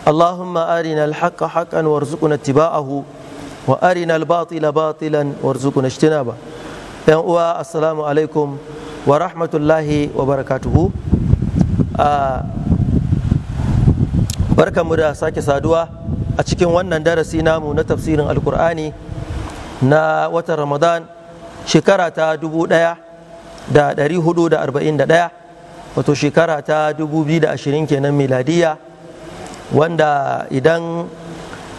اللهم أرنا الحق حقا وارزقنا اتباعه وأرنا الباطل باطلا وارزقنا اجتنابه السلام عليكم ورحمة الله وبركاته barkan mu da sake saduwa a cikin wannan darasi namu na tafsirin alkur'ani na watan ramadan shekara ta 1441 wato shekara ta 2020 kenan miladiyya wanda idan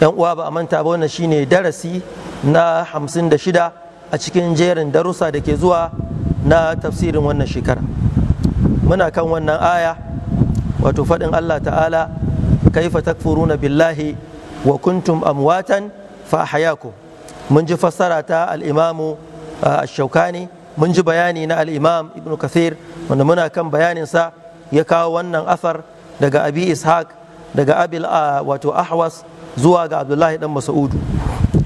yan uwa ba a manta ba wannan shine darasi na shida a cikin jerin darussa da ke zuwa na tafsirin wannan shekara muna kan wannan aya wato faɗin Allah ta'ala kaifa takfuruna billahi wa kuntum amwatan fa hayaku mun ji fassara ta al-imamu ash-shaukani mun ji bayani na al-imam ibnu kathir wanda muna kan bayanin sa ya kawo wannan asar daga abi ishaq daga abil wato ahwas zuwa ga abdullahi dan mas'udu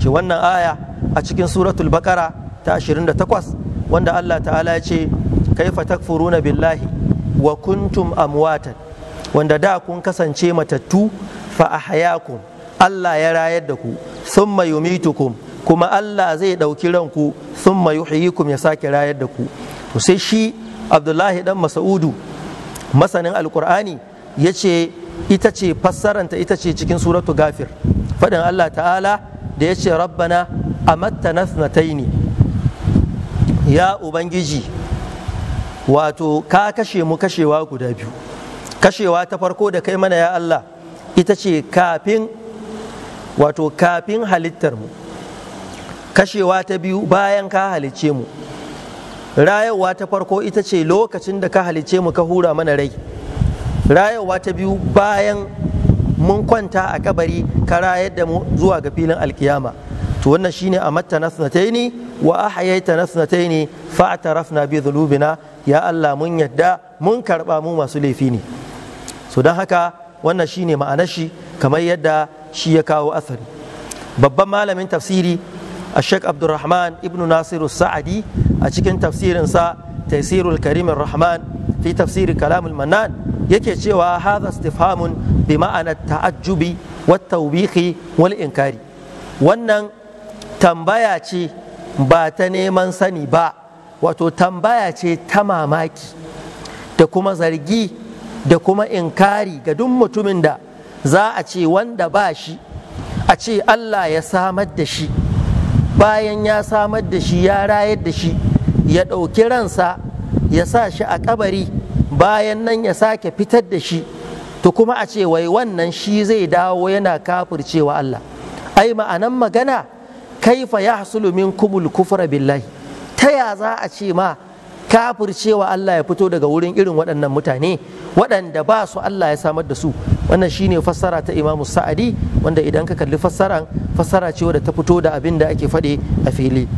ce wannan aya a cikin suratul bakara ta 28 wanda Allah ta'ala ya ce kaifa takfuruna billahi wa kuntum amwatan wanda da kun kasance matattu fa ahyakum Allah ya rayar da ku thumma yumitukum kuma Allah zai ɗauki ranku summa yuhyikum ya sake rayar da ku to sai shi Abdullahi dan Mas'udu masanin alkur'ani ya ce ita ce fassaranta ita ce cikin suratu gafir faɗin Allah ta'ala da ya ce rabbana amatta ne. ya ubangiji wato ka kashe mu kashewa guda biyu kashewa ta farko da kai mana ya Allah ita ce kafin wato kafin halittar mu kashewa ta biyu bayan ka halicce mu rayuwa ta farko ita ce lokacin da ka halicce mu ka hura mana rai Rayowa ta biyu bayan mun kwanta a kabari ka rayar da mu zuwa ga filin alkiyama to wannan shine a matta na sunataini wa ahayaita na sunataini fa atarafna bi dhunubina ya Allah mun yadda mun karba mu masu laifi ne so don haka wannan shine ma'anar shi kamar yadda shi ya kawo asari babban malamin tafsiri a عبد abdulrahman ابن nasiru sa'adi a cikin إنسا تيسير Karimin Rahman, fi tafsiri كلام manan. yake cewa haza istifhamun bi ma'ana ta'ajjubi wa tawbihi wal inkari wannan tambaya ce ba ta neman sani ba wato tambaya ce ta mamaki da kuma zargi da kuma inkari ga duk mutumin da za a ce wanda ba shi a ce Allah ya samar da shi bayan ya samar da shi ya rayar da shi ya ɗauki ransa ya sa shi a kabari bayan nan ya sake fitar da shi to kuma a ce wai wannan shi zai dawo yana kafircewa Allah ai ma'anan magana kaifa ya hasulu min kumul kufra billahi ta ya za a ce ma kafircewa Allah ya fito daga wurin irin waɗannan mutane waɗanda ba su Allah ya samar da su wannan shine fassara ta Imamu Sa'adi wanda idan ka kalli fassaran fassara cewa da ta fito da abin da ake faɗe a fili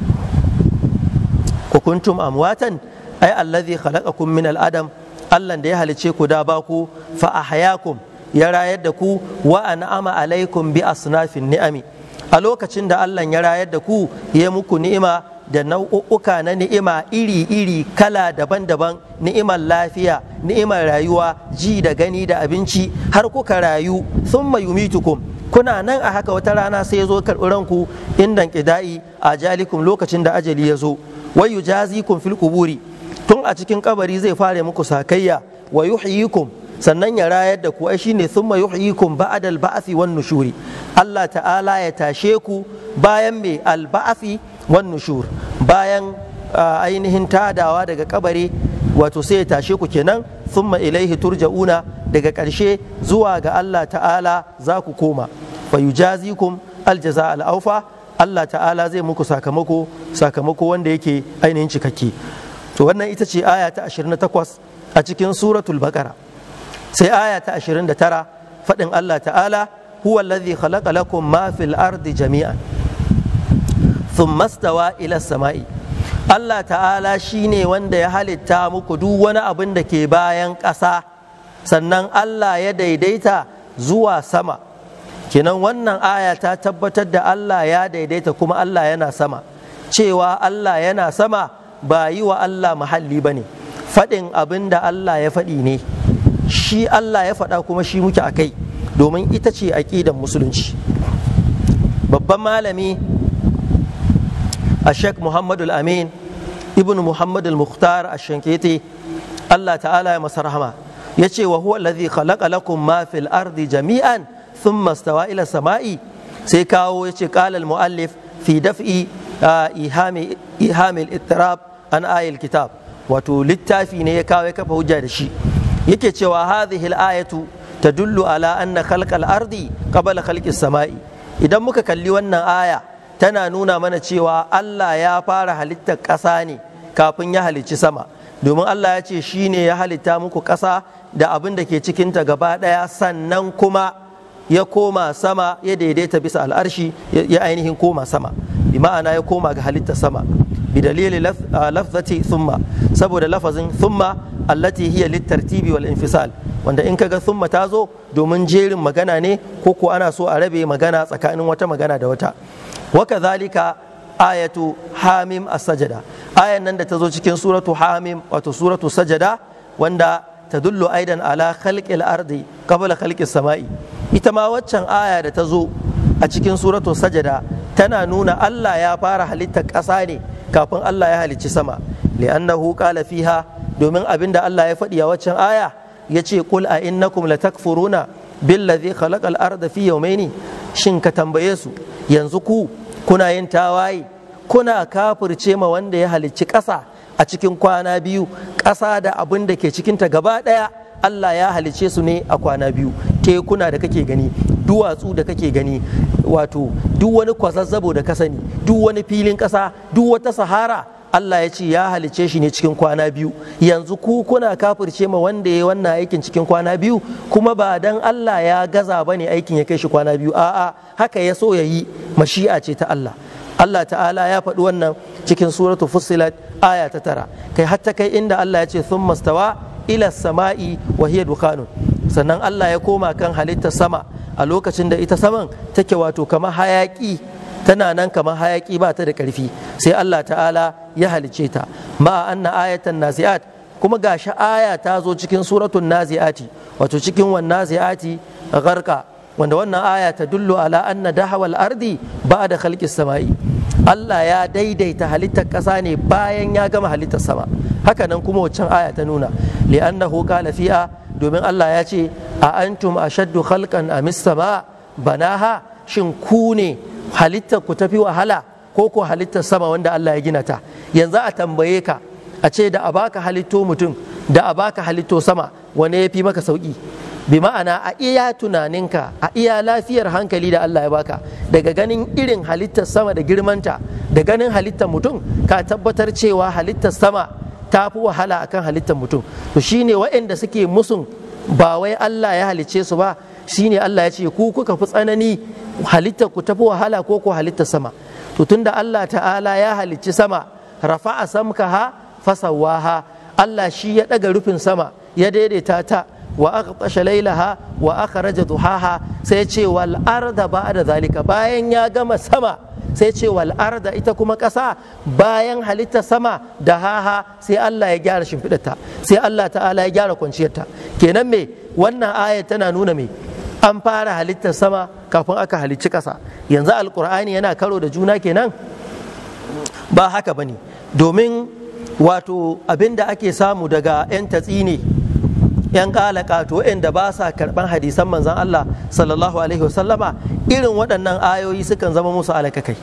hukuntum amwatan ai allazi khalaqakum min al-adam Allah da ya halice ku da baku fa ahyakum ya rayar da ku wa an'ama alaikum bi asnafin ni'ami a lokacin da Allah ya rayar da ku ya muku ni'ima da nau'uka na ni'ima iri-iri kala daban-daban ni'imar lafiya ni'imar rayuwa ji da gani da abinci har kuka rayu sun yumitukum kuna nan a haka wata rana sai ya zo karɓi ranku indan ƙida'i a jalikum lokacin da ajali ya zo wai yujazikum fil kuburi tun a cikin kabari zai fara muku sakayya wa yuhyikum sannan ya rayar da ku ai shine thumma yuhyikum ba'dal ba'thi wan nushuri Allah ta'ala ya tashe ku bayan mai al ba'thi wan nushur bayan ainihin tadawa daga kabari wato sai ya tashe ku kenan thumma ilaihi turja'una daga ƙarshe zuwa ga Allah ta'ala za ku koma fa yujazikum aljaza al'aufa Allah ta'ala zai muku sakamako sakamako wanda yake ainihin cikakke to wannan ita ce aya ta 28 a cikin suratul baqara sai aya ta 29 faɗin Allah ta'ala huwa allazi khalaqa lakum ma fil ardi jami'an thumma stawa ila samai Allah ta'ala shine wanda ya halitta muku duk wani abin da ke bayan ƙasa sannan Allah ya daidaita zuwa sama kenan wannan aya ta tabbatar da Allah ya daidaita kuma Allah yana sama cewa Allah yana sama ba yi wa Allah mahalli ba ne faɗin abin da Allah ya faɗi ne shi Allah ya faɗa kuma shi muke a kai domin ita ce aƙidan musulunci babban malami a sheikh muhammadu amin ibn muhammadu al-mukhtar a shankete Allah ta'ala ya masa rahama ya ce wa huwa alladhi khalaqa lakum ma fil ardi jami'an thumma stawa ila sama'i sai kawo ya ce qala al-muallif fi daf'i ihami ihami al-ittirab an ayil kitab wato littafi ne ya kawo ya kafa hujja da shi yake cewa hadhihi al-ayatu tadullu ala anna kalkal ardi qabla halkin sama'i idan muka kalli wannan aya tana nuna mana cewa Allah ya fara halittar ƙasa ne kafin ya halicci sama domin Allah ya ce shi ne ya halitta muku ƙasa da abin da ke cikinta gaba ɗaya sannan kuma ya koma sama ya daidaita bisa al'arshi ya ainihin koma sama bi ma'ana ya koma ga halittar sama بدليل لفظة ثم سبب saboda lafazin التي allati hiya والانفصال wal infisal wanda in kaga sun ta zo domin jerin magana ne ko ko ana so a rabe magana tsakanin wata magana da wata waka zalika ayatu hamim as-sajada ayan nan da ta zo cikin suratu hamim wato suratu sajada wanda tadullu aidan ala khalqil ardi qabla khalqis sama'i ita ma waccan aya da ta zo a cikin suratu sajada tana nuna Allah ya fara halitta ƙasa ne kafin Allah ya halicci sama li'annahu qala fiha domin da Allah ya faɗi a waccan aya yace kul a innakum latakfuruna billazi khalaqal arda fi yawmaini shin ka tambaye su yanzu ku kuna yin tawaye kuna kafirce ma wanda ya halicci ƙasa a cikin kwana biyu ƙasa da abin da ke cikinta gaba ɗaya Allah ya halice su ne a kwana biyu tekuna da kake gani duwatsu da kake gani wato duk wani kwazazzabo da ka sani duk wani filin ƙasa duk wata sahara Allah ya ce ya halice shi ne cikin kwana biyu yanzu ku kuna kafirce ma wanda ya wannan aikin cikin kwana biyu kuma ba dan Allah ya gaza ba ne aikin ya kai shi kwana biyu a'a haka ya so ya yi mashi'a ce ta Allah Allah ta'ala ya faɗi wannan cikin suratu fussilat aya ta tara kai hatta kai inda Allah ya ce sun mastawa ila sama'i wa hiya dukhanun sannan Allah ya koma kan halittar sama a lokacin da ita saman take wato kamar hayaƙi tana nan kamar hayaƙi ba ta da ƙarfi sai Allah ta'ala ya halice ta ma'a anna ayatan nazi'at kuma gashi aya ta zo cikin suratun nazi'ati wato cikin wan nazi'ati gharqa wanda wannan aya ta dullu ala anna dahawal ardi ba'da khalqis samai Allah ya daidaita halittar ƙasa ne bayan ya gama halittar sama haka nan kuma waccan aya ta nuna li'annahu qala fi'a domin Allah ya ce a antum shaddu halkan a sama banaha shin ku ne halittar ku tafi wahala ko ko halittar sama wanda Allah ya gina ta yanzu a tambaye ka a ce da a baka halitto mutum da a baka halitto sama wane ya fi maka sauki bi ma'ana a iya tunaninka a iya lafiyar hankali da Allah ya baka daga ganin irin halittar sama da girmanta da ganin halittar mutum ka tabbatar cewa halittar sama ta fi wahala a kan halittar mutum to shi ne waɗanda suke musun ba wai Allah ya halicce su ba Shi ne Allah ya ce ku kuka fi tsanani halittar ku tafi wahala ko ku halittar sama to tunda Allah ta'ala ya halicci sama rafa rafa'a samkaha waha. Allah shi ya daga rufin sama ya daidaita ta wa aka aqtasha lailaha wa aka akhraja duhaha sai ya ce wal arda ba'da zalika bayan ya gama sama sai ce wal arda ita kuma ƙasa bayan halitta sama da haha sai Allah ya gyara shimfiɗarta sai Allah ta'ala ya gyara kwanciyarta kenan me wannan ayat tana nuna me an fara halittar sama kafin aka halicci ƙasa yanzu alkur'ani yana karo da juna kenan ba haka bane domin wato abin da ake samu daga 'yan tatsi ne yan to waɗanda ba sa karɓar hadisan manzon Allah sallallahu alaihi wasallama irin waɗannan ayoyi sukan zama musu alakakai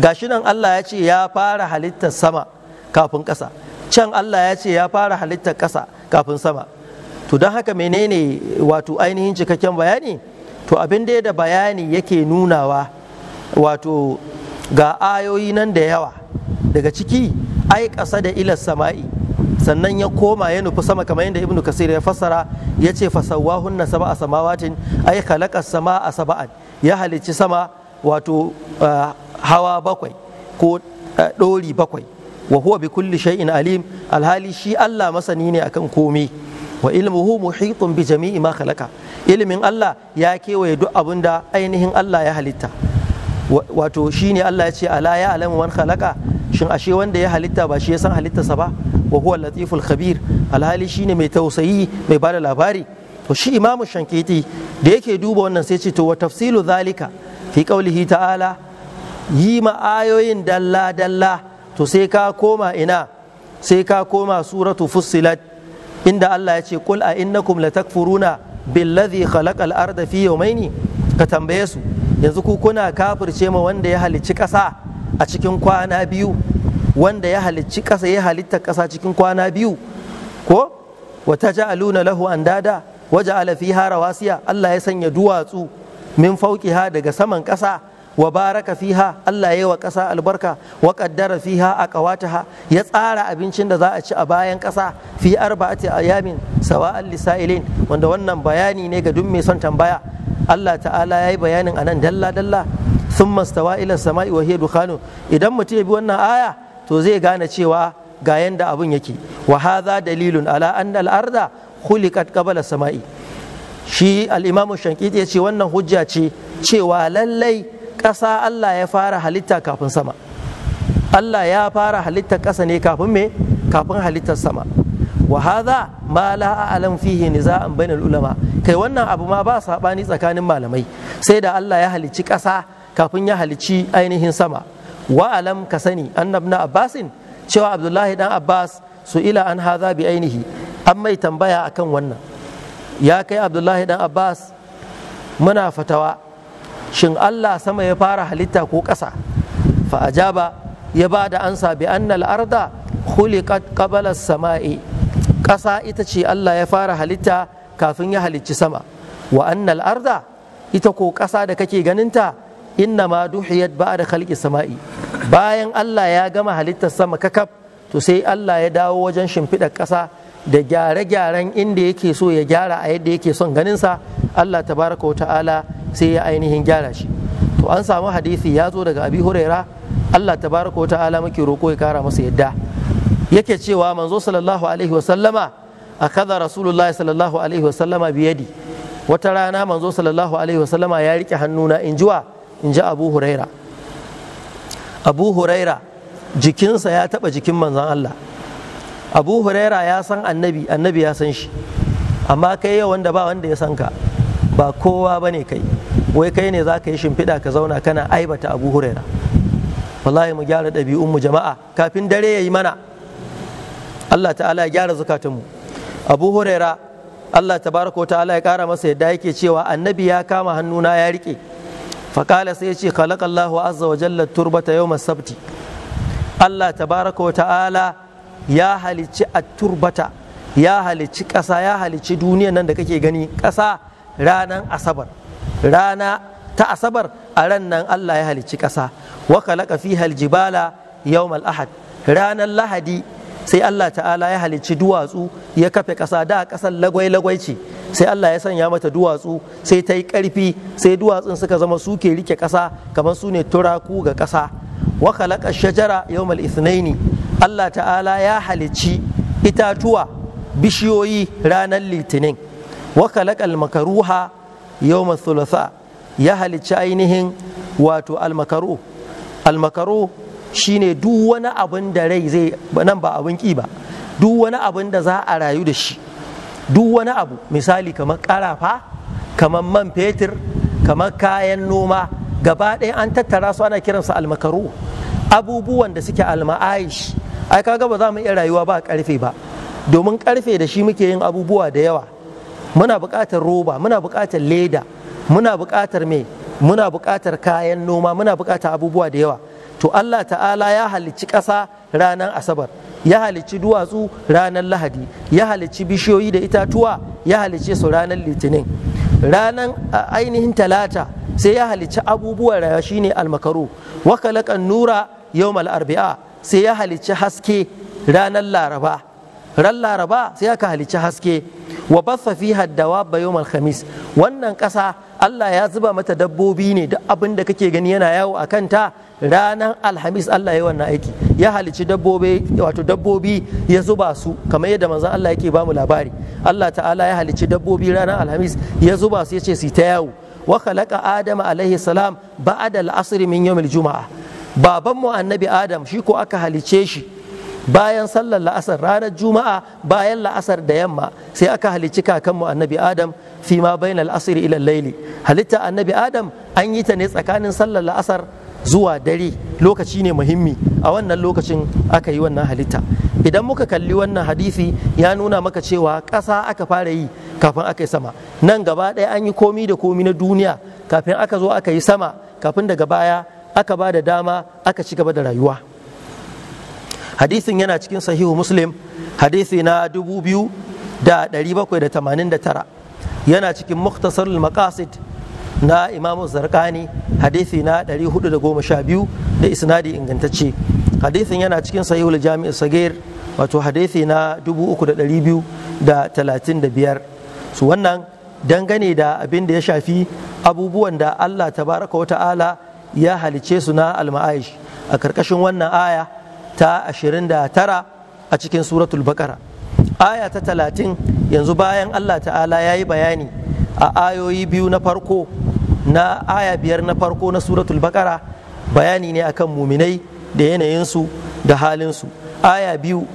gashi nan Allah ya ce ya fara halittar sama kafin ƙasa can Allah ya ce ya fara halittar ƙasa kafin sama to don haka menene wato ainihin cikakken bayani to abin da da bayani yake nunawa wato ga ayoyi nan da yawa daga ciki ai ƙasa da ilar sama'i sannan ya koma ya nufi sama kamar yadda ibnu kasir ya fassara ya ce fasawahunna sab'a samawatin ay khalaqa a saba'an ya halicci sama wato ah, hawa bakwai ko ah, ɗori bakwai wa huwa bi kulli shay'in alim alhali shi Allah masani ne akan komai wa ilmuhu muhitun bi jami'i ma khalaqa ilmin Allah ya kewaye duk abinda ainihin Allah ya halitta wato shine Allah ya ce ala ya alamu man khalaqa shin ashe wanda ya halitta ba shi ya san halittarsa ba wa huwa latiful khabir alhali shine mai tausayi mai bada labari to shi imamu shankiti da yake duba wannan sai ce to wa tafsilu zalika fi qaulihi ta'ala yi ma'ayoyin dalla dalla to sai ka koma ina sai ka koma suratu fussilat inda Allah ya ce qul a innakum latakfuruna billadhi khalaqal arda fi ka tambaye su yanzu ku kuna kafirce ma wanda ya halarci ƙasa a cikin kwana biyu wanda ya halicci ƙasa ya halitta ƙasa cikin kwana biyu ko wata ja'aluna lahu andada waja'ala fiha rawasiya Allah ya sanya duwatsu min fauqiha daga saman ƙasa wa baraka fiha Allah ya yi wa ƙasa albarka wa qaddara fiha aqwataha ya tsara abincin da za a ci a bayan ƙasa fi arba'ati ayamin sawa'an lisailin wanda wannan bayani ne ga duk mai son tambaya Allah ta'ala yayi bayanin anan dalla dalla thumma stawa ila samai wa hiya dukhanu idan mutum ya bi wannan aya to zai gane cewa ga yanda abun yake wa hadha dalilun ala anna al-arda khuliqat qabla sama'i shi al-imam shankiti ya ce wannan hujja ce cewa lallai ƙasa Allah ya fara halitta kafin sama Allah ya fara halitta ƙasa ne kafin me kafin halittar sama wa hadha ma la a'lam fihi niza'an bainal ulama kai wannan abu ma ba sabani tsakanin malamai sai da Allah ya halicci ƙasa kafin ya halicci ainihin sama wa alam ka sani annabna abbasin cewa abdullahi dan abbas su ila an haza bi ainihi an mai tambaya akan wannan ya kai abdullahi dan abbas muna fatawa shin allah sama ya fara halitta ko ƙasa fa ajaba ya ba da ansa bi annal arda khuliqat qabla samai ƙasa ita ce allah ya fara halitta kafin ya halicci sama wa annal arda ita ko ƙasa da kake ganinta inna ma duhiyat ba da khalqi sama'i bayan Allah ya gama halittar sama kakaf to sai Allah ya dawo wajen shimfiɗa ƙasa da gyare-gyaren inda yake so ya gyara a yadda yake son ganinsa Allah tabaraka wa ta'ala sai ya ainihin gyara shi to an samu hadisi ya zo daga abi huraira Allah tabaraka wa ta'ala muke roko ya kara masa yadda yake cewa manzo sallallahu alaihi wa sallama rasulullahi sallallahu alaihi wa sallama biyadi wata rana manzo sallallahu alaihi wa ya rike hannuna in jiwa in ji abu huraira abu huraira jikinsa ya taɓa jikin manzan Allah abu huraira ya san annabi annabi ya san shi amma kai yau wanda ba wanda ya san ka ba kowa ba ne kai wai kai ne za ka yi shimfiɗa ka zauna kana aibata abu huraira wallahi mu gyara ɗabi'un mu jama'a kafin dare ya yi mana Allah ta'ala ya gyara zukatunmu abu huraira Allah ta'ala ya ƙara masa yadda yake cewa annabi ya kama hannuna ya rike. faƙala sai ya ce khalaqallahu azza wa jalla turbata yau sabti Allah tabaraka wa ta'ala ya halicci a turbata ya halicci ƙasa ya halicci duniyan nan da kake gani ƙasa ranar asabar rana ta asabar a ran nan Allah ya halicci ƙasa wa khalaqa fiha haljibala yawmal ranar lahadi sai Allah ta'ala ya halicci duwatsu ya kafe ƙasa da ƙasar lagwai-lagwai ce sai Allah ya sanya mata duwatsu sai ta yi ƙarfi sai duwatsun suka zama suke rike ƙasa kamar su ne turaku ga ƙasa wa khalaqa shajara yawmal ithnaini Allah ta'ala ya halicci itatuwa bishiyoyi ranar litinin wa khalaqa makaruha yawmal thulatha ya halicci ainihin wato almakaru shine duk wani abin da rai zai nan ba abin ki ba duk wani abin da za a rayu da shi duk wani abu misali kamar karafa kamar man fetur kamar kayan noma gaba ɗaya an tattara su ana kiransu almakaru abubuwan da suke alma'aish ai kaga ba za mu iya rayuwa ba karfe ba domin karfe da shi muke yin abubuwa da yawa muna buƙatar roba muna buƙatar leda muna buƙatar mai muna buƙatar kayan noma muna buƙatar abubuwa da yawa to Allah ta'ala ya halicci ƙasa ranar asabar ya halicci duwatsu ranar lahadi ya halicci bishiyoyi da itatuwa ya halicce su ranar litinin ranar ainihin talata sai ya halicci abubuwan raya shine almakaru wa nura yawmal arbi'a sai ya halicci haske ranar laraba ran laraba sai aka halicci haske wa bassa fi haddawa yawmal khamis wannan ƙasa Allah ya zuba mata dabbobi ne duk abin da kake gani yana yawo a kanta ranar alhamis Allah ya wannan aiki ya halici dabbobi wato dabbobi ya zuba su kamar yadda manzan Allah yake ba mu labari Allah ta'ala ya halici dabbobi ranar alhamis ya zuba su ya ce su ta yawo wa khalaqa adama alaihi salam ba'da al-asr min yawm al-jum'a baban mu annabi adam shi ko aka halice shi bayan sallar la'asar ranar juma'a bayan la'asar da yamma sai aka halici mu annabi adam fi ma bainal asr ila al-layli halitta annabi adam an yi ta ne tsakanin sallar la'asar zuwa dare lokaci ne muhimmi a wannan lokacin aka yi wannan halitta idan muka kalli wannan hadisi ya nuna maka cewa ƙasa aka fara yi kafin aka yi sama nan gaba ɗaya an yi komi da komi na duniya kafin aka zo aka yi sama kafin daga baya aka ba da dama aka ci gaba da rayuwa hadisin yana cikin sahihu muslim hadisi na 2789 yana cikin muktasar maqasid na imamu zarkani hadithi na 412 da isnadi ingantacce hadithin yana cikin sahihul jami'ul sagir wato hadithi na 3235 su wannan dangane da abin da ya shafi abubuwan da Allah tabaraka wa ta'ala ya halice su na alma'aish a karkashin wannan aya ta 29 a cikin suratul bakara aya ta 30 yanzu bayan Allah ta'ala ya yi bayani a ayoyi biyu na farko na aya biyar na farko na suratul bakara bayani ne akan muminai da yanayinsu da halinsu aya biyu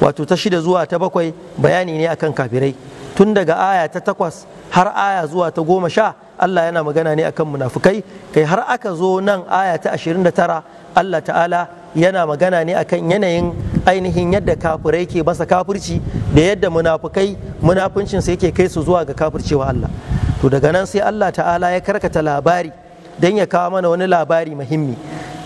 wato ta shida zuwa ta bakwai bayani ne akan kafirai tun daga aya ta takwas har aya zuwa ta goma sha Allah yana magana ne akan munafukai kai har aka zo nan aya ta ashirin da tara Allah ta'ala yana magana ne akan yanayin ainihin yadda kafirai ke masa kafirci da yadda munafukai munafuncinsa yake kai su zuwa ga kafircewa Allah to daga nan sai Allah ta'ala ya karkata labari don ya kawo mana wani labari muhimmi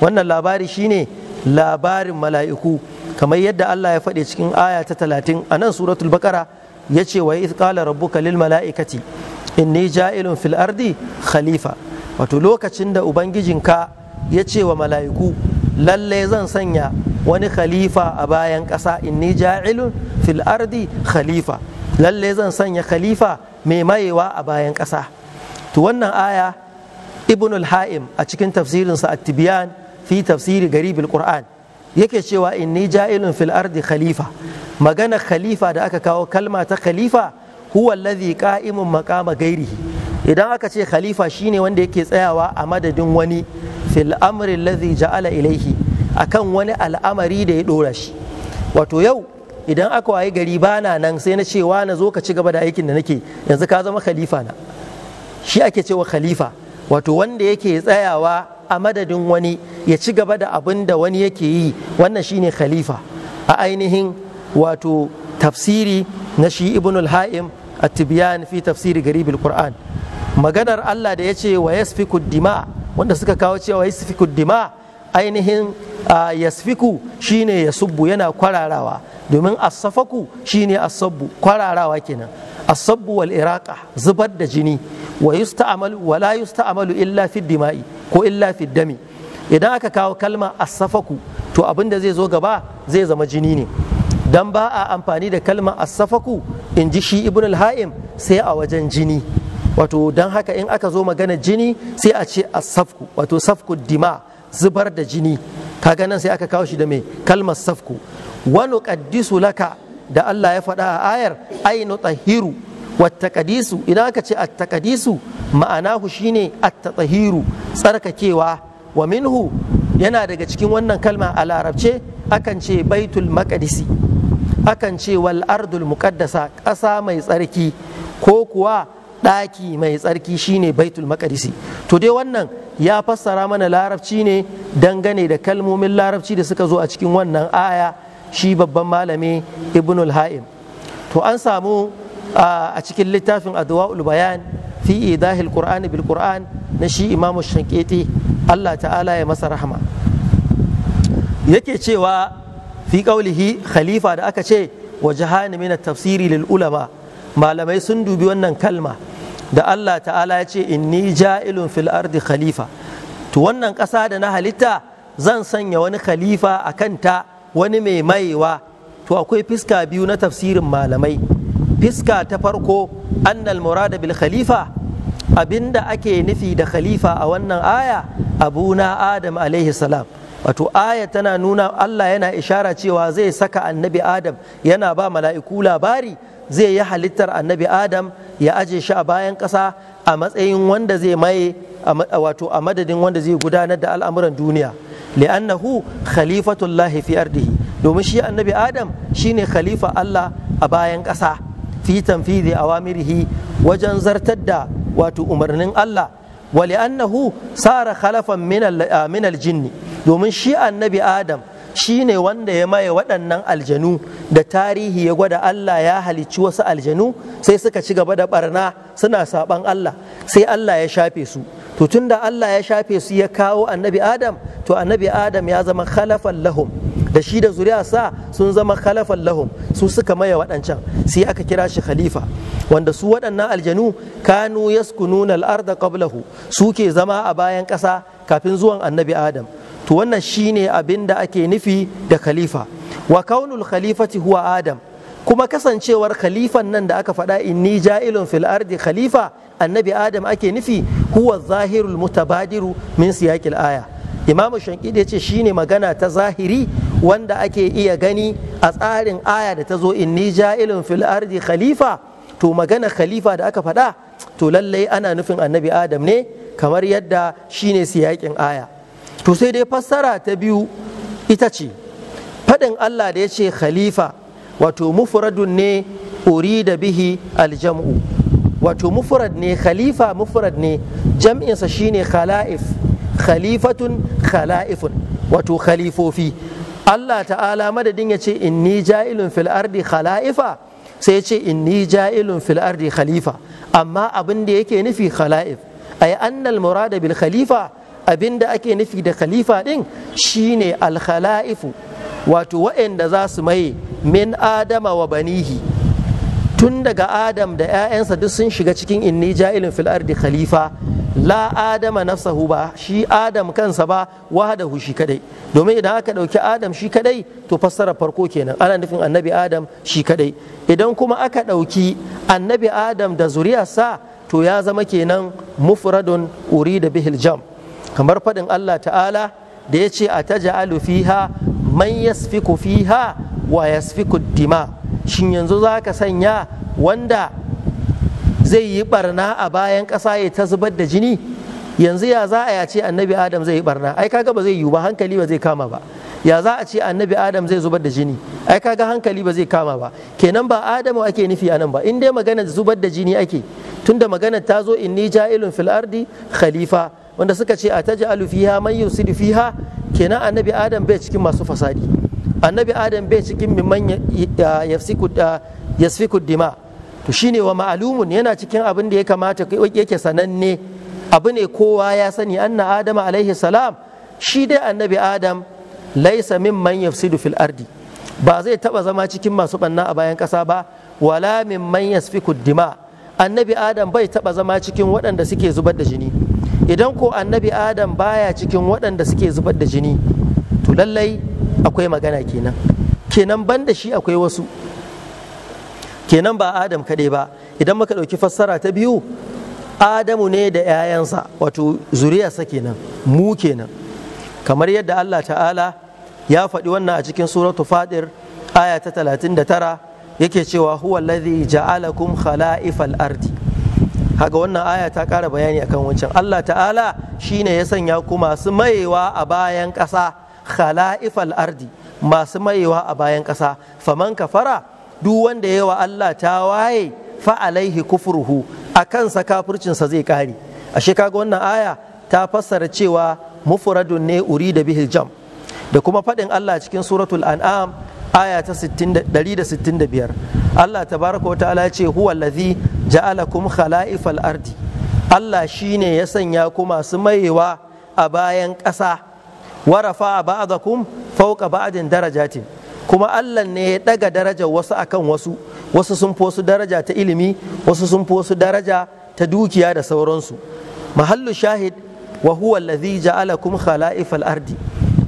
wannan labari shine labarin mala'iku kamar yadda Allah ya faɗi cikin aya ta talatin a nan suratul bakara ya ce wa iz qala rabbuka lil mala'ikati inni ja'ilun fil ardi khalifa wato lokacin da ubangijinka ya ce wa mala'iku lalle zan sanya wani khalifa a bayan ƙasa inni ja'ilun fil ardi khalifa lalle zan sanya khalifa mai mayewa a bayan ƙasa to wannan aya ibnul haim a cikin tafsirinsa at-tibyan fi tafsiri garibil qur'an yake cewa inni ja'ilun fil ardi khalifa magana khalifa da aka kawo kalma ta khalifa huwa alladhi qa'imun maqama gairihi idan aka ce khalifa shine wanda yake tsayawa a madadin wani fil amri alladhi ja'ala ilaihi akan wani al'amari da ya dora shi wato yau idan aka waye gari bana nan sai na cewa na zo ka ci gaba da aikin da nake yanzu ka zama khalifa na shi ake cewa khalifa wato wanda yake tsayawa a madadin wani ya ci gaba da abin da wani yake yi wannan shine khalifa a ainihin wato tafsiri na shi ibnul ha'im at-tibyan fi tafsiri garibil qur'an maganar Allah da ya ce wa yasfiku dima wanda suka kawo cewa yasfiku dima ainihin yasfiku shine yasubbu yana kwararawa domin asafaku shine asabbu kwararawa kenan asabbu wal iraqa zubar da jini wa yusta'malu wa la yusta'malu illa fi dima'i ko illa fi dami idan aka kawo kalma asafaku to abin da zai zo gaba zai zama jini ne dan ba a amfani da kalma asafaku in ji shi ibn al-ha'im sai a wajen jini wato don haka in aka zo magana jini sai a ce asafku wato safku dima' zubar da jini kaga nan sai aka kawo shi da mai kalmar safku wani kaddisu laka da Allah ya faɗa a ayar ainu tahiru wattaqadisu idan aka ce attaqadisu ma'anahu shine attatahiru tsarkakewa wa minhu yana daga cikin wannan kalma a larabce akan ce baitul maqdisi akan ce wal ardul ƙasa mai tsarki ko kuwa ɗaki mai tsarki shine baitul makarisi to dai wannan ya fassara mana larabci ne dangane da kalmomin larabci da suka zo a cikin wannan aya shi babban malami ibn haim to an samu a cikin littafin addua'ul bayan fi idahil qur'an bil qur'an na shi imamu shanketi Allah ta'ala ya masa rahama yake cewa fi qaulihi khalifa da aka ce wa jahani min tafsiri lil ulama malamai sun dubi wannan kalma da Allah ta'ala ya ce inni ja'ilun fil ardi khalifa to wannan ƙasa da na halitta zan sanya wani khalifa a kanta wani mai maiwa to akwai fiska biyu na tafsirin malamai fiska ta farko annal murada bil khalifa abinda ake nufi da khalifa a wannan aya abuna adam alaihi salam wato aya tana nuna Allah yana ishara cewa zai saka annabi Adam yana ba mala'iku labari zai yi halittar annabi Adam ya aje shi a bayan ƙasa a matsayin wanda zai maye wato a madadin wanda zai gudanar da al'amuran duniya li'annahu khalifatullahi fi ardihi domin shi annabi Adam shine khalifa Allah a bayan ƙasa fi tanfidhi awamirihi wajen zartar da wato umarnin Allah wa li'annahu sara khalafan min al-jinni domin shi annabi adam shi ne wanda ya maye waɗannan aljanu da tarihi ya gwada Allah ya halicci wasu aljanu sai suka ci gaba da barna suna saban Allah sai Allah ya shafe su to tunda Allah ya shafe su ya kawo annabi Adam to annabi Adam ya zama khalafan lahum da shi da sa sun zama khalafan lahum su suka maye waɗancan sai aka kira shi khalifa wanda su waɗannan aljanu kanu yaskununa al-arda qablahu suke zama a bayan ƙasa kafin zuwan annabi Adam to wannan shine abin da ake nufi da khalifa wa kaunul khalifati huwa adam kuma kasancewar khalifan nan da aka faɗa inni ja'ilun fil ardi khalifa annabi adam ake nufi huwa zahirul mutabadiru min siyakil aya imamu shankidi yace shine magana ta zahiri wanda ake iya gani a tsarin aya da ta zo inni ja'ilun fil ardi khalifa to magana khalifa da aka faɗa to lallai ana nufin annabi adam ne kamar yadda shine siyakin aya to sai dai fassara ta biyu ita ce faɗin Allah da ya ce khalifa wato mufuradun ne da bihi aljam'u wato mufrad ne khalifa mufrad ne jam'insa shine khala'if khalifatun khala'ifun wato khalifofi Allah ta'ala madadin ya ce inni ja'ilun fil ardi khala'ifa sai ya ce inni ja'ilun fil ardi khalifa amma abin da yake nufi khala'if ay annal murada bil khalifa abin da ake nufi da khalifa ɗin shine alkhala'ifu wato waɗanda za su maye min adama wa banihi tun daga adam da 'ya'yansa duk sun shiga cikin inni ja'ilin fil ardi khalifa la adama nafsahu ba shi adam kansa ba wahadahu shi kadai domin idan aka ɗauki adam shi kadai to fassara farko kenan ana nufin annabi adam shi kadai idan kuma aka ɗauki annabi adam da zuriyarsa to ya zama kenan mufradun uri da bihil jam' kamar faɗin Allah ta'ala da ya ce a taja'alu fiha man yasfiku fiha wa yasfiku dima shin yanzu za ka sanya wanda zai yi barna a bayan ƙasa ya ta zubar da jini yanzu ya za a ce annabi adam zai yi barna ai kaga ba zai yi ba hankali ba zai kama ba ya za a ce annabi adam zai zubar da jini ai kaga hankali ba zai kama ba kenan ba adamu ake nufi a nan ba in dai maganar zubar da jini ake tunda maganar ta zo inni ja'ilun fil ardi khalifa wanda suka ce a taj'alu fiha man yusidu fiha kenan annabi adam bai cikin masu fasadi annabi adam bai cikin mimman ya dima to shine wa ma'alumun yana cikin abin da ya kamata yake sananne abu ne kowa ya sani anna adam alaihi salam shi dai annabi adam laisa mimman yafsidu fil ardi ba zai taba zama cikin masu banna a bayan kasa ba wala mimman yasfiku dima annabi adam bai taba zama cikin waɗanda suke zubar da jini idan ko annabi adam baya cikin waɗanda suke zubar da jini to lallai akwai magana kenan kenan ban da shi akwai wasu kenan ba adam kaɗai ba idan muka ɗauki fassara ta biyu adamu ne da 'ya'yansa wato zuriyarsa kenan mu kenan kamar yadda allah ta'ala ya faɗi wannan a cikin suratu fadir aya ta 39 yake cewa huwa ladhi ja'alakum khala'ifal ardi haka wannan aya ta kara bayani akan wancan Allah ta'ala shine ya sanya ku masu mayewa a bayan kasa khala'ifal ardi masu mayewa a bayan ƙasa faman kafara duk wanda yawa Allah ta waye fa alaihi kufurhu a kansa kafircinsa zai kare. ashe kaga wannan aya ta fassara cewa mufradun ne uri da bihil jam da kuma faɗin Allah cikin suratul an'am aya ta 165 Allah tabaraka wa ta'ala ya ce huwa allazi ja'alakum khala'ifal ardi Allah shine ya sanya ku masu mayewa a bayan ƙasa warafa ba'dakum fawqa ba'din darajatin kuma Allah ne ya daga darajar wasu akan wasu wasu sun fi wasu daraja ta ilimi wasu sun fi wasu daraja ta dukiya da sauransu mahallu shahid wa huwa allazi ja'alakum khala'ifal ardi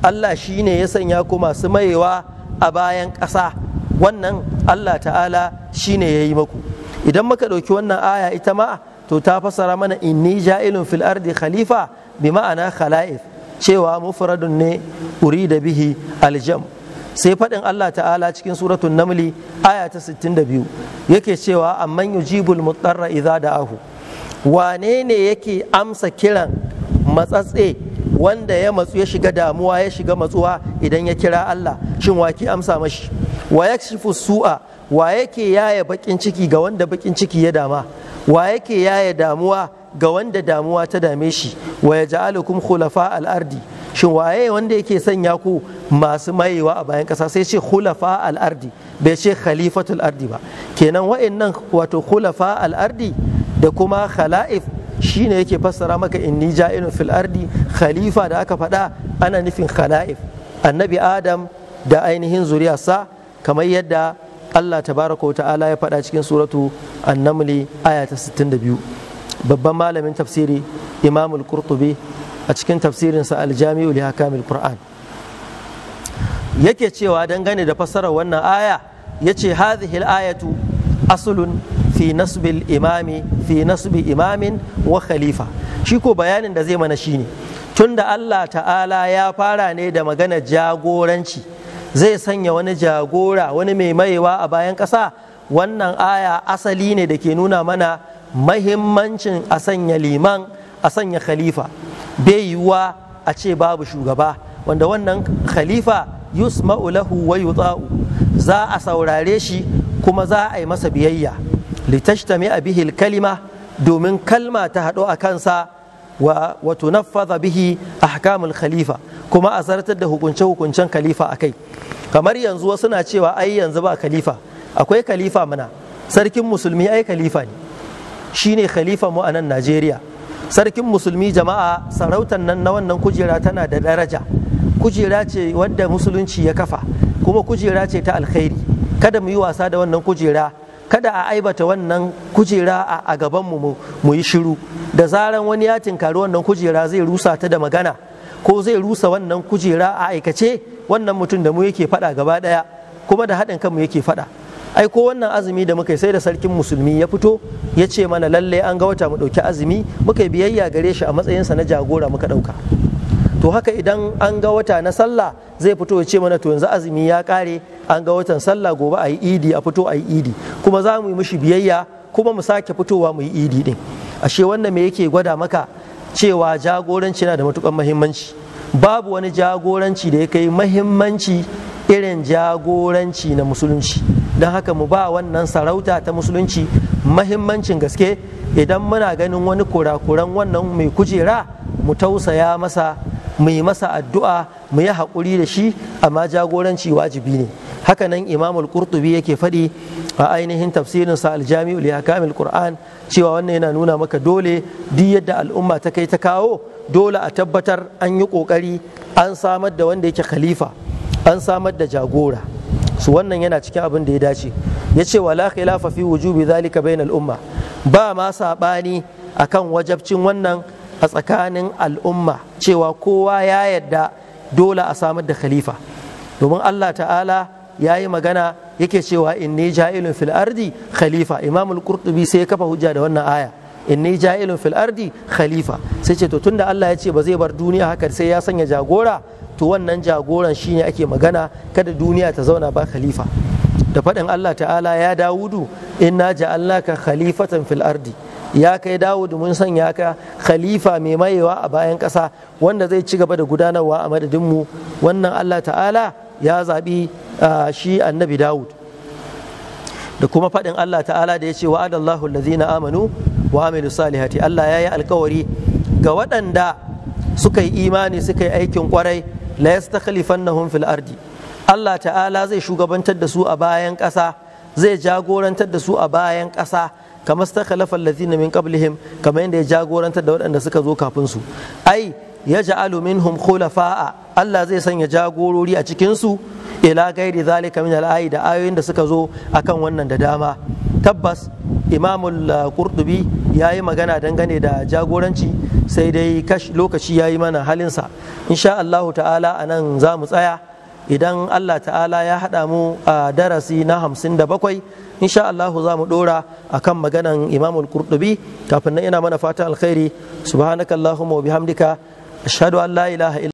Allah shine ya sanya ku masu mayewa a bayan ƙasa wannan Allah ta'ala shine ya yi maku idan muka ɗauki wannan aya ita ma to ta fasara mana inni ja'ilun fil ardi khalifa bi ma'ana khala'if cewa mufradun ne uri da bihi aljam sai faɗin Allah ta'ala cikin suratun namli aya ta 62 yake cewa amman yujibul mutarra idza da'ahu wane ne yake amsa kiran matsatse wanda ya matsu ya shiga damuwa ya shiga matsuwa idan ya kira Allah shin wake amsa mashi wa yakshifu su'a wa yake yaya bakin ciki ga wanda bakin ciki ya dama wa yake yaya damuwa ga wanda damuwa ta dame shi wa ya ja'alukum khulafa al-ardi shin waye wanda yake sanya ku masu mayewa a bayan ƙasa sai ce khulafa al-ardi bai ce khalifatul ardi ba kenan wa'annan wato khulafa al-ardi da kuma khala'if shine yake fassara maka inni ja'ilun fil ardi khalifa da aka faɗa ana nufin khala'if annabi adam da ainihin zuriyarsa kamar yadda Allah tabaraka wa ta'ala ya faɗa cikin suratu annamli aya ta 62 babban malamin tafsiri imam al-qurtubi a cikin tafsirinsa al-jami'u li hakamil qur'an yake cewa dangane da fassarar wannan aya yace hadhihi al-ayatu aslun fi nasbil imami fi nasbi imamin wa khalifa shi ko bayanin da zai mana shi shine tunda Allah ta'ala ya fara ne da maganar jagoranci zai sanya wani jagora wani mai mayewa a bayan ƙasa wannan aya asali ne da ke nuna mana mahimmancin a sanya liman a sanya khalifa bai yiwuwa a ce babu shugaba wanda wannan khalifa yusma'u lahu wa za a saurare shi kuma za a yi masa biyayya litashtami bihi kalima domin kalma ta haɗo a kansa wa tunaffaza bihi ahkamul khalifa kuma a zartar da hukunce hukuncen khalifa kai. kamar yanzu wasu na cewa ai yanzu ba khalifa akwai khalifa mana sarkin musulmi ai khalifa ne shine khalifa mu a nan Najeriya sarkin musulmi jama'a sarautar nan na wannan kujera tana da daraja kujera ce wadda musulunci ya kafa kuma kujera ce ta alkhairi kada mu yi wasa da wannan kujera kada a aibata wannan kujera a gabanmu mu yi shiru da zaran wani ya tinkari wannan kujera zai rusa ta da magana ko zai rusa wannan kujera a aikace wannan mutum da mu yake faɗa gaba ɗaya kuma da haɗin kanmu yake faɗa ai ko wannan azumi da muka yi sai da sarkin musulmi ya fito ya ce mana lalle an ga wata mu ɗauki azumi muka yi biyayya gare shi a matsayinsa na jagora muka ɗauka to haka idan an ga wata na sallah zai fito ya ce mana to yanzu azumi ya kare an ga watan sallah gobe a yi idi a fito a yi idi kuma za mu yi mishi biyayya kuma mu sake fitowa mu yi idi din ashe wannan me yake gwada maka cewa jagoranci yana da matukar muhimmanci babu wani jagoranci da ya kai muhimmanci irin jagoranci na musulunci don haka mu ba wannan sarauta ta musulunci mahimmancin gaske idan muna ganin wani kurakuran wannan mai kujera mu tausaya masa mu yi masa addu'a mu yi haƙuri da shi amma jagoranci wajibi ne haka nan imamul qurtubi yake faɗi a ainihin tafsirin sa aljami'ul li qur'an cewa wannan yana nuna maka dole duk yadda al'umma ta kai ta kawo dole a tabbatar an yi ƙoƙari an samar da wanda yake khalifa an samar da jagora su wannan yana cikin abin da ya dace ya ce wala khilafa fi wujubi zalika bainal umma ba ma saɓani akan wajabcin wannan a tsakanin al'umma cewa kowa ya yarda dole a samar da khalifa domin Allah ta'ala ya yi magana yake cewa inni ja'ilun fil ardi khalifa imamul qurtubi sai ya kafa hujja da wannan aya inni ja'ilun fil ardi khalifa sai ce to tunda Allah ya ce ba zai bar duniya haka sai ya sanya jagora to wannan jagoran shine ake magana kada duniya ta zauna ba khalifa da faɗin Allah ta'ala ya dawudu inna ja'alnaka khalifatan fil ardi ya kai Dawud mun sanya ka khalifa mai mayewa a bayan ƙasa wanda zai ci gaba da gudanarwa a madadinmu wannan Allah ta'ala ya zaɓi shi annabi Dawud da kuma faɗin Allah ta'ala da ya ce wa'adallahu allazina amanu wa amilu salihati Allah ya yi alkawari ga waɗanda suka yi imani suka yi aikin kwarai la yastakhlifannahum fil ardi Allah ta'ala zai shugabantar da su a bayan ƙasa zai jagorantar da su a bayan ƙasa kama stakhalafa allazina min qablihim kama yadda ya jagorantar da waɗanda suka zo kafin su ai ya ja'alu minhum khulafa'a Allah zai sanya jagorori a cikin su ila gairi zalika min al'ayi da ayoyin da suka zo akan wannan da dama tabbas imamul uh, qurtubi ya yi magana dangane da jagoranci sai dai lokaci ya yi mana halinsa insha Allah ta'ala a nan za mu tsaya idan Allah ta'ala ya haɗa mu a darasi na hamsin da bakwai insha Allah za mu dora akan maganan Imam al-Qurtubi kafin nan ina mana fata alkhairi subhanakallahumma wa bihamdika ashhadu an la ilaha illa